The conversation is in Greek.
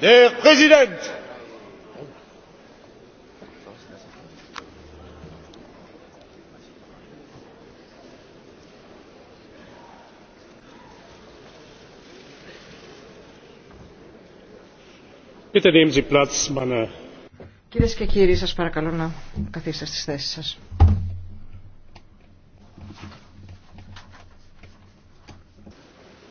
Der Präsident! Bitte nehmen Sie Κυρίες και κύριοι, σας παρακαλώ να καθίσετε στις θέσεις σας.